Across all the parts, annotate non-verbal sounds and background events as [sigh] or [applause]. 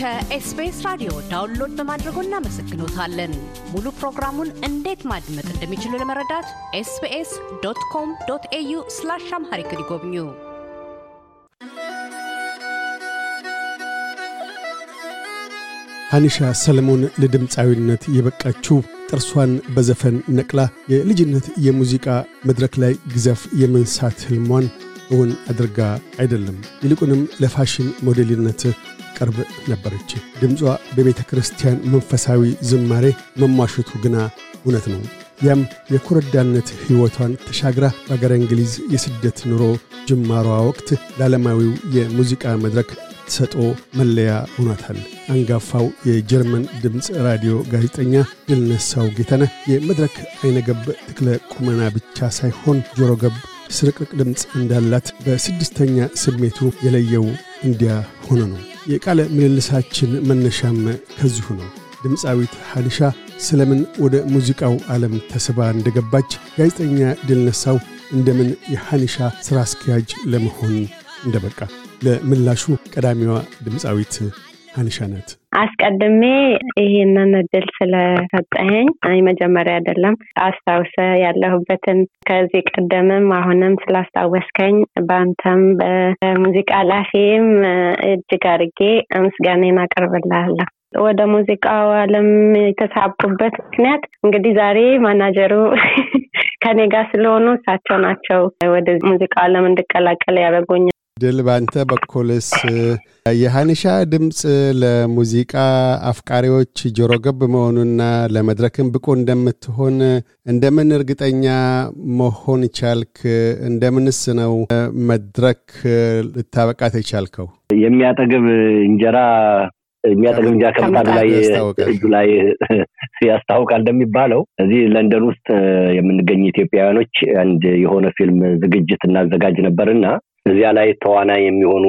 ከኤስቢኤስ ራዲዮ ዳውንሎድ በማድረጎ እናመሰግኖታለን። ሙሉ ፕሮግራሙን እንዴት ማድመጥ እንደሚችሉ ለመረዳት ኤስቢኤስ ዶት ኮም ዶት ኤዩ ስላሽ አምሃሪክ ይጎብኙ። ሀኒሻ ሰለሞን ለድምፃዊነት የበቃችው ጥርሷን በዘፈን ነቅላ የልጅነት የሙዚቃ መድረክ ላይ ግዘፍ የመንሳት ህልሟን እውን አድርጋ አይደለም። ይልቁንም ለፋሽን ሞዴልነት የምታቀርብ ነበረች። ድምጿ በቤተ ክርስቲያን መንፈሳዊ ዝማሬ መሟሸቱ ግና እውነት ነው። ያም የኮረዳነት ሕይወቷን ተሻግራ በአገረ እንግሊዝ የስደት ኑሮ ጅማሯ ወቅት ለዓለማዊው የሙዚቃ መድረክ ተሰጦ መለያ ሆኗታል። አንጋፋው የጀርመን ድምፅ ራዲዮ ጋዜጠኛ ድልነሳው ጌተነ። የመድረክ አይነገብ ትክለ ቁመና ብቻ ሳይሆን ጆሮ ገብ ስርቅርቅ ድምፅ እንዳላት በስድስተኛ ስሜቱ የለየው እንዲያ ሆነ ነው። የቃለ ምልልሳችን መነሻም ከዚሁ ነው። ድምፃዊት ሐኒሻ ስለምን ወደ ሙዚቃው ዓለም ተስባ እንደገባች፣ ጋዜጠኛ ድልነሳው እንደምን የሐኒሻ ሥራ አስኪያጅ ለመሆን እንደበቃ ለምላሹ ቀዳሚዋ ድምፃዊት አንሻነት አስቀድሜ ይሄንን እድል ስለሰጠኸኝ መጀመሪያ አይደለም አስታውሰ ያለሁበትን ከዚህ ቀደምም አሁንም ስላስታወስከኝ በአንተም በሙዚቃ ላፊም እጅግ አርጌ ምስጋኔን አቀርብልሃለሁ። ወደ ሙዚቃው አለም የተሳብኩበት ምክንያት እንግዲህ ዛሬ ማናጀሩ [laughs] ከኔ ጋር ስለሆኑ እሳቸው ናቸው ወደ ሙዚቃው አለም እንድቀላቀል ያበጎኛል ድል ባንተ በኩልስ የሀኒሻ ድምፅ ለሙዚቃ አፍቃሪዎች ጆሮ ገብ መሆኑና ለመድረክም ብቁ እንደምትሆን እንደምን እርግጠኛ መሆን ቻልክ? እንደምንስ ነው መድረክ ልታበቃት የቻልከው? የሚያጠግብ እንጀራ የሚያጠግብ እንጀራ ከምጣድ ላይ እጁ ላይ ያስታውቃል እንደሚባለው እዚህ ለንደን ውስጥ የምንገኝ ኢትዮጵያውያኖች አንድ የሆነ ፊልም ዝግጅት እናዘጋጅ ነበርና እዚያ ላይ ተዋናይ የሚሆኑ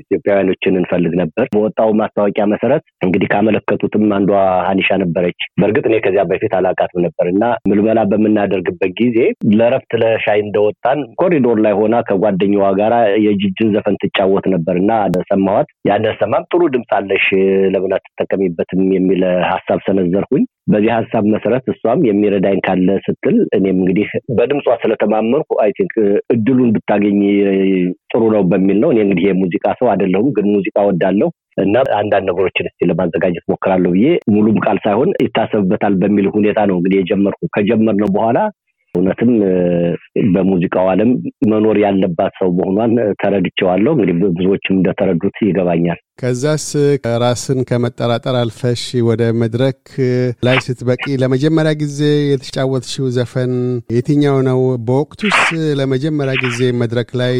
ኢትዮጵያውያኖችን እንፈልግ ነበር። በወጣው ማስታወቂያ መሰረት እንግዲህ ካመለከቱትም አንዷ ሀኒሻ ነበረች። በእርግጥ እኔ ከዚያ በፊት አላቃትም ነበር እና ምልመላ በምናደርግበት ጊዜ ለእረፍት ለሻይ እንደወጣን ኮሪዶር ላይ ሆና ከጓደኛዋ ጋር የጅጅን ዘፈን ትጫወት ነበር እና ሰማኋት። ያንን ሰማም ጥሩ ድምፅ አለሽ፣ ለምን አትጠቀሚበትም የሚል ሀሳብ ሰነዘርኩኝ። በዚህ ሀሳብ መሰረት እሷም የሚረዳኝ ካለ ስትል እኔም እንግዲህ በድምጿ ስለተማመንኩ አይ ቲንክ እድሉን ብታገኝ ጥሩ ነው በሚል ነው። እኔ እንግዲህ የሙዚቃ ሰው አይደለሁም፣ ግን ሙዚቃ ወዳለሁ እና አንዳንድ ነገሮችን እስቲ ለማዘጋጀት ሞክራለሁ ብዬ ሙሉም ቃል ሳይሆን ይታሰብበታል በሚል ሁኔታ ነው እንግዲህ የጀመርኩ። ከጀመርነው በኋላ እውነትም በሙዚቃው ዓለም መኖር ያለባት ሰው መሆኗን ተረድቸዋለሁ እንግዲህ ብዙዎችም እንደተረዱት ይገባኛል። ከዛስ ራስን ከመጠራጠር አልፈሽ ወደ መድረክ ላይ ስትበቂ ለመጀመሪያ ጊዜ የተጫወትሽው ዘፈን የትኛው ነው? በወቅቱስ ለመጀመሪያ ጊዜ መድረክ ላይ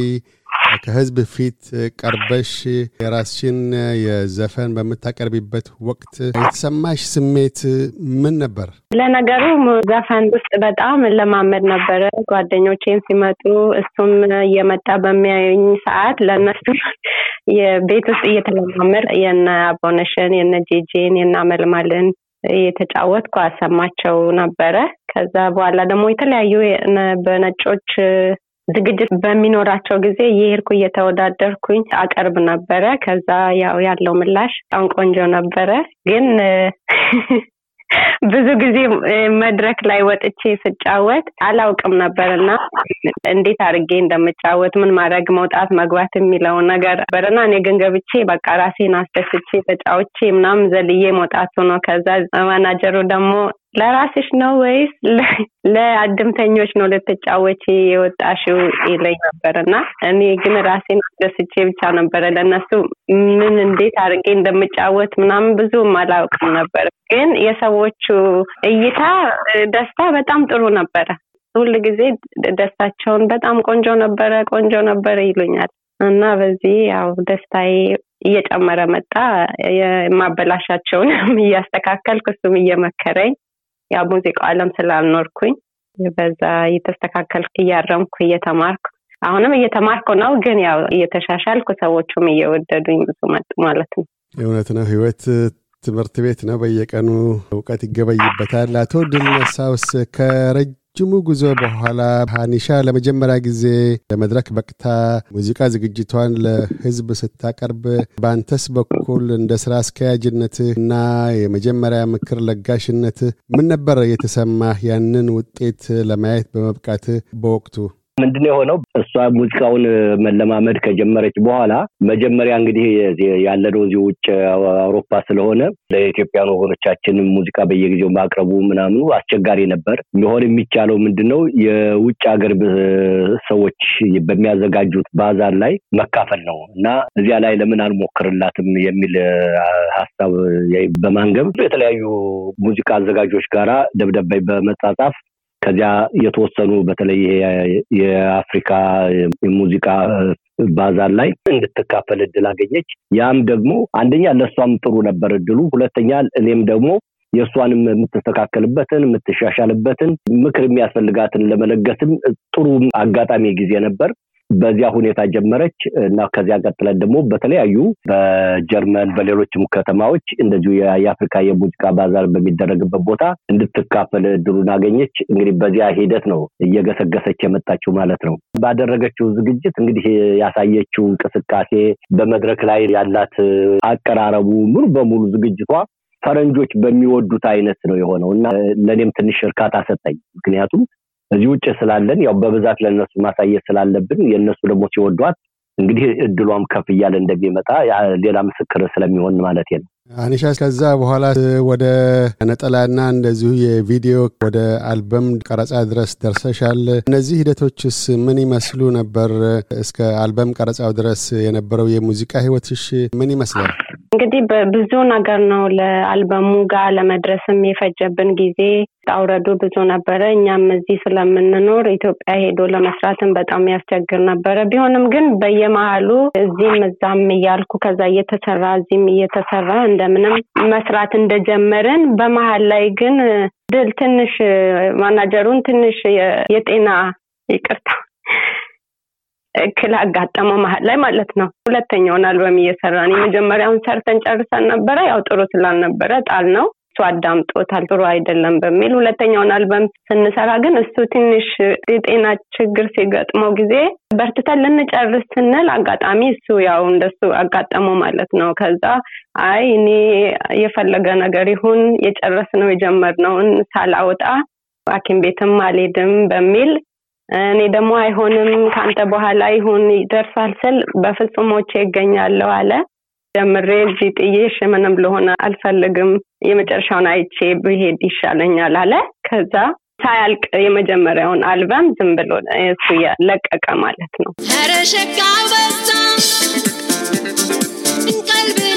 ከህዝብ ፊት ቀርበሽ የራስሽን የዘፈን በምታቀርቢበት ወቅት የተሰማሽ ስሜት ምን ነበር? ለነገሩ ዘፈን ውስጥ በጣም ለማመድ ነበረ። ጓደኞቼን ሲመጡ እሱም እየመጣ በሚያዩኝ ሰዓት ለእነሱ [laughs] ቤት ውስጥ እየተለማመድ የነ አቦነሽን የነ ጄጄን የነ አመልማልን እየተጫወትኩ አሰማቸው ነበረ። ከዛ በኋላ ደግሞ የተለያዩ በነጮች ዝግጅት በሚኖራቸው ጊዜ የሄድኩ እየተወዳደርኩኝ አቀርብ ነበረ። ከዛ ያው ያለው ምላሽ በጣም ቆንጆ ነበረ ግን ብዙ ጊዜ መድረክ ላይ ወጥቼ ስጫወት አላውቅም ነበር እና እንዴት አድርጌ እንደምጫወት ምን ማድረግ መውጣት መግባት የሚለው ነገር ነበርና እኔ ግን ገብቼ በቃ ራሴን አስደስቼ ተጫውቼ ምናምን ዘልዬ መውጣቱ ነው። ከዛ ማናጀሩ ደግሞ ለራስሽ ነው ወይስ ለአድምተኞች ነው ልትጫወቺ የወጣሽው ይለኝ ነበር እና እኔ ግን ራሴን አስደስቼ ብቻ ነበረ ለእነሱ ምን እንዴት አድርጌ እንደምጫወት ምናምን ብዙም አላውቅም ነበር ግን የሰዎቹ እይታ ደስታ በጣም ጥሩ ነበረ ሁል ጊዜ ደስታቸውን በጣም ቆንጆ ነበረ ቆንጆ ነበረ ይሉኛል እና በዚህ ያው ደስታዬ እየጨመረ መጣ የማበላሻቸውንም እያስተካከልኩ እሱም እየመከረኝ ያ ሙዚቃ ዓለም ስላልኖርኩኝ በዛ እየተስተካከልኩ እያረምኩ እየተማርኩ አሁንም እየተማርኩ ነው፣ ግን ያው እየተሻሻልኩ ሰዎቹም እየወደዱኝ ብዙ መጡ ማለት ነው። እውነት ነው። ህይወት ትምህርት ቤት ነው። በየቀኑ እውቀት ይገበይበታል። አቶ ድል ከረጅ ጅሙ ጉዞ በኋላ ሃኒሻ ለመጀመሪያ ጊዜ ለመድረክ በቅታ ሙዚቃ ዝግጅቷን ለህዝብ ስታቀርብ በአንተስ በኩል እንደ ስራ አስኪያጅነት እና የመጀመሪያ ምክር ለጋሽነት ምን ነበር የተሰማህ? ያንን ውጤት ለማየት በመብቃት በወቅቱ ምንድን የሆነው እሷ ሙዚቃውን መለማመድ ከጀመረች በኋላ መጀመሪያ እንግዲህ ያለነው እዚህ ውጭ አውሮፓ ስለሆነ ለኢትዮጵያ ወገኖቻችን ሙዚቃ በየጊዜው ማቅረቡ ምናምኑ አስቸጋሪ ነበር። ሊሆን የሚቻለው ምንድን ነው የውጭ ሀገር ሰዎች በሚያዘጋጁት ባዛር ላይ መካፈል ነው እና እዚያ ላይ ለምን አልሞክርላትም የሚል ሀሳብ በማንገብ የተለያዩ ሙዚቃ አዘጋጆች ጋራ ደብዳቤ በመጻጻፍ ከዚያ የተወሰኑ በተለይ የአፍሪካ የሙዚቃ ባዛር ላይ እንድትካፈል እድል አገኘች። ያም ደግሞ አንደኛ ለእሷም ጥሩ ነበር እድሉ፣ ሁለተኛ እኔም ደግሞ የእሷንም የምትስተካከልበትን የምትሻሻልበትን ምክር የሚያስፈልጋትን ለመለገስም ጥሩ አጋጣሚ ጊዜ ነበር። በዚያ ሁኔታ ጀመረች እና ከዚያ ቀጥለን ደግሞ በተለያዩ በጀርመን በሌሎችም ከተማዎች እንደዚሁ የአፍሪካ የሙዚቃ ባዛር በሚደረግበት ቦታ እንድትካፈል እድሉን አገኘች። እንግዲህ በዚያ ሂደት ነው እየገሰገሰች የመጣችው ማለት ነው። ባደረገችው ዝግጅት እንግዲህ ያሳየችው እንቅስቃሴ በመድረክ ላይ ያላት አቀራረቡ ሙሉ በሙሉ ዝግጅቷ ፈረንጆች በሚወዱት አይነት ነው የሆነው እና ለእኔም ትንሽ እርካታ ሰጠኝ። ምክንያቱም እዚህ ውጭ ስላለን ያው በብዛት ለእነሱ ማሳየት ስላለብን የእነሱ ደግሞ ሲወዷት እንግዲህ እድሏም ከፍ እያለ እንደሚመጣ ሌላ ምስክር ስለሚሆን ማለት ነው። አኒሻስ ከዛ በኋላ ወደ ነጠላና እንደዚሁ የቪዲዮ ወደ አልበም ቀረጻ ድረስ ደርሰሻል። እነዚህ ሂደቶችስ ምን ይመስሉ ነበር? እስከ አልበም ቀረጻው ድረስ የነበረው የሙዚቃ ህይወትሽ ምን ይመስላል? እንግዲህ ብዙ ነገር ነው ለአልበሙ ጋር ለመድረስም የፈጀብን ጊዜ አውረዱ ብዙ ነበረ። እኛም እዚህ ስለምንኖር ኢትዮጵያ ሄዶ ለመስራትን በጣም ያስቸግር ነበረ። ቢሆንም ግን በየመሀሉ እዚህም እዛም እያልኩ ከዛ እየተሰራ እዚህም እየተሰራ እንደምንም መስራት እንደጀመርን በመሀል ላይ ግን ድል ትንሽ ማናጀሩን ትንሽ የጤና ይቅርታ እክል አጋጠመው መሀል ላይ ማለት ነው። ሁለተኛውን አልበም እየሰራን የመጀመሪያውን ሰርተን ጨርሰን ነበረ። ያው ጥሩ ስላልነበረ ጣል ነው እሱ አዳምጦታል ጥሩ አይደለም በሚል ሁለተኛውን አልበም ስንሰራ ግን እሱ ትንሽ የጤና ችግር ሲገጥመው ጊዜ በርትተን ልንጨርስ ስንል አጋጣሚ እሱ ያው እንደሱ አጋጠመው ማለት ነው። ከዛ አይ እኔ የፈለገ ነገር ይሁን የጨረስነው የጀመርነውን ሳላወጣ ሀኪም ቤትም አልሄድም በሚል እኔ ደግሞ አይሆንም ከአንተ በኋላ ይሁን ይደርሳል ስል በፍጹም ይገኛለሁ አለ። ጀምሬ እዚህ ጥዬሽ ምንም ለሆነ አልፈልግም፣ የመጨረሻውን አይቼ ብሄድ ይሻለኛል አለ። ከዛ ሳያልቅ የመጀመሪያውን አልበም ዝም ብሎ እሱ ለቀቀ ማለት ነው። ረሸጋ በዛ ቀልብን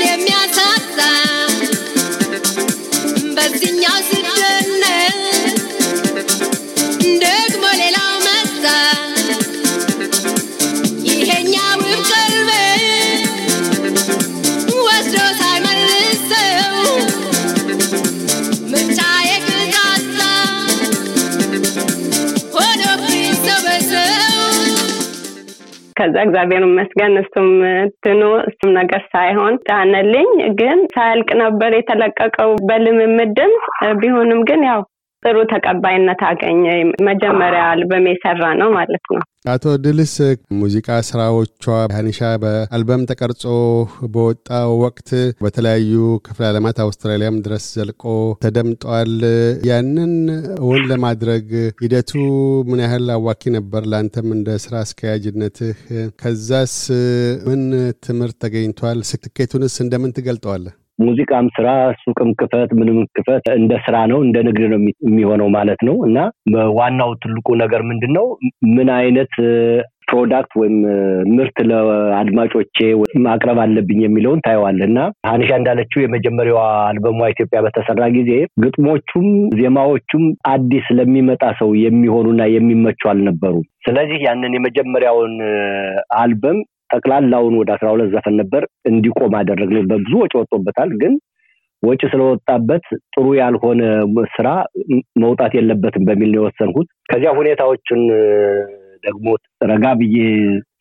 ከዛ እግዚአብሔር ይመስገን እሱም ትኑ እሱም ነገር ሳይሆን ጫነልኝ። ግን ሳያልቅ ነበር የተለቀቀው በልምምድም ቢሆንም ግን ያው ጥሩ ተቀባይነት አገኘ። መጀመሪያ አልበም የሰራ ነው ማለት ነው። አቶ ድልስ ሙዚቃ ስራዎቿ ሀኒሻ በአልበም ተቀርጾ በወጣ ወቅት በተለያዩ ክፍለ ዓለማት አውስትራሊያም ድረስ ዘልቆ ተደምጧል። ያንን እውን ለማድረግ ሂደቱ ምን ያህል አዋኪ ነበር? ለአንተም እንደ ስራ አስኪያጅነትህ ከዛስ ምን ትምህርት ተገኝቷል? ስኬቱንስ እንደምን ትገልጠዋለህ? ሙዚቃም ስራ፣ ሱቅም ክፈት፣ ምንም ክፈት እንደ ስራ ነው እንደ ንግድ ነው የሚሆነው ማለት ነው እና ዋናው ትልቁ ነገር ምንድን ነው ምን አይነት ፕሮዳክት ወይም ምርት ለአድማጮቼ ማቅረብ አለብኝ የሚለውን ታየዋል እና ሀኒሻ እንዳለችው የመጀመሪያዋ አልበሟ ኢትዮጵያ በተሰራ ጊዜ ግጥሞቹም ዜማዎቹም አዲስ ለሚመጣ ሰው የሚሆኑና የሚመቹ አልነበሩም። ስለዚህ ያንን የመጀመሪያውን አልበም ጠቅላላውን ወደ አስራ ሁለት ዘፈን ነበር እንዲቆም አደረግነው። በብዙ ወጪ ወጥቶበታል። ግን ወጪ ስለወጣበት ጥሩ ያልሆነ ስራ መውጣት የለበትም በሚል ነው የወሰንኩት። ከዚያ ሁኔታዎችን ደግሞ ረጋ ብዬ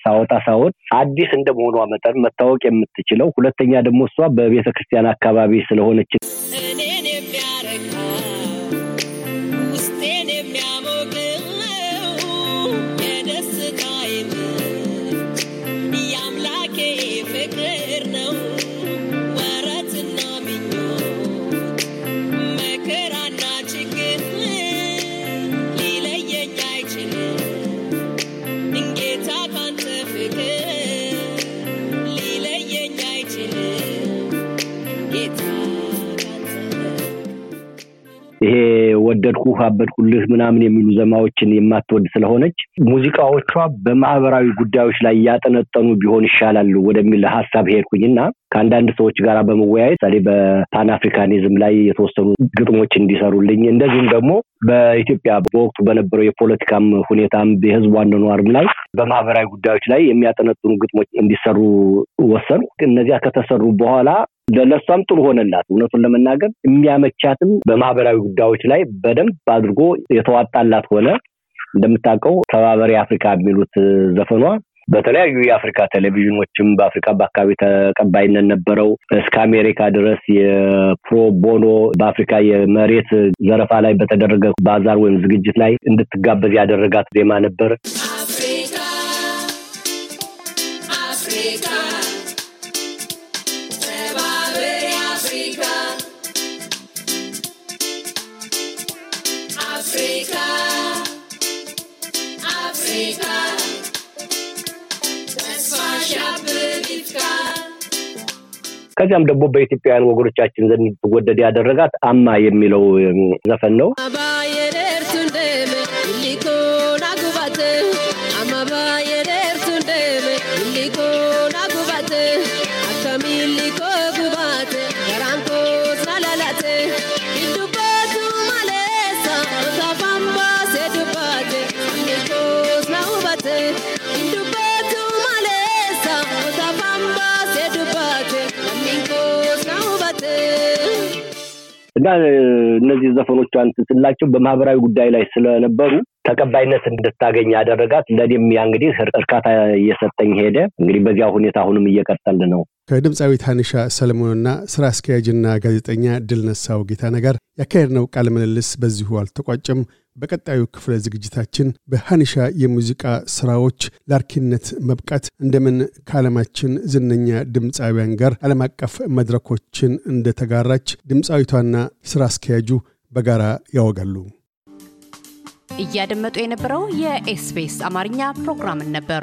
ሳወጣ ሳወጥ አዲስ እንደመሆኗ መጠን መታወቅ የምትችለው ሁለተኛ ደግሞ እሷ በቤተክርስቲያን አካባቢ ስለሆነች ወደድኩህ አበድኩልህ ምናምን የሚሉ ዘማዎችን የማትወድ ስለሆነች ሙዚቃዎቿ በማህበራዊ ጉዳዮች ላይ ያጠነጠኑ ቢሆን ይሻላሉ ወደሚል ሀሳብ እና ከአንዳንድ ሰዎች ጋር በመወያየት ለምሳሌ በፓን አፍሪካኒዝም ላይ የተወሰኑ ግጥሞች እንዲሰሩልኝ እንደዚሁም ደግሞ በኢትዮጵያ በወቅቱ በነበረው የፖለቲካም ሁኔታም የህዝቡ አኗኗርም ላይ በማህበራዊ ጉዳዮች ላይ የሚያጠነጥኑ ግጥሞች እንዲሰሩ ወሰኑ። እነዚያ ከተሰሩ በኋላ ለእሷም ጥሩ ሆነላት። እውነቱን ለመናገር የሚያመቻትም በማህበራዊ ጉዳዮች ላይ በደንብ አድርጎ የተዋጣላት ሆነ። እንደምታውቀው ተባበሪ አፍሪካ የሚሉት ዘፈኗ በተለያዩ የአፍሪካ ቴሌቪዥኖችም በአፍሪካ በአካባቢ ተቀባይነት ነበረው። እስከ አሜሪካ ድረስ የፕሮ ቦኖ በአፍሪካ የመሬት ዘረፋ ላይ በተደረገ ባዛር ወይም ዝግጅት ላይ እንድትጋበዝ ያደረጋት ዜማ ነበር። Africa, Africa, ከዚያም ደግሞ በኢትዮጵያውያን ወገኖቻችን ዘንድ ትወደድ ያደረጋት አማ የሚለው ዘፈን ነው። ጋር እነዚህ ዘፈኖቿ ስላቸው በማህበራዊ ጉዳይ ላይ ስለነበሩ ተቀባይነት እንድታገኝ ያደረጋት ለእኔም ያ እንግዲህ እርካታ እየሰጠኝ ሄደ። እንግዲህ በዚያ ሁኔታ አሁንም እየቀጠል ነው። ከድምፃዊ ታንሻ ሰለሞንና ስራ አስኪያጅና ጋዜጠኛ ድልነሳው ጌታነህ ጋር ነው ቃለ ምልልስ በዚሁ አልተቋጭም በቀጣዩ ክፍለ ዝግጅታችን በሀኒሻ የሙዚቃ ስራዎች ላርኪነት መብቃት እንደምን ከዓለማችን ዝነኛ ድምፃውያን ጋር ዓለም አቀፍ መድረኮችን እንደተጋራች ድምፃዊቷና ስራ አስኪያጁ በጋራ ያወጋሉ። እያደመጡ የነበረው የኤስፔስ አማርኛ ፕሮግራምን ነበር።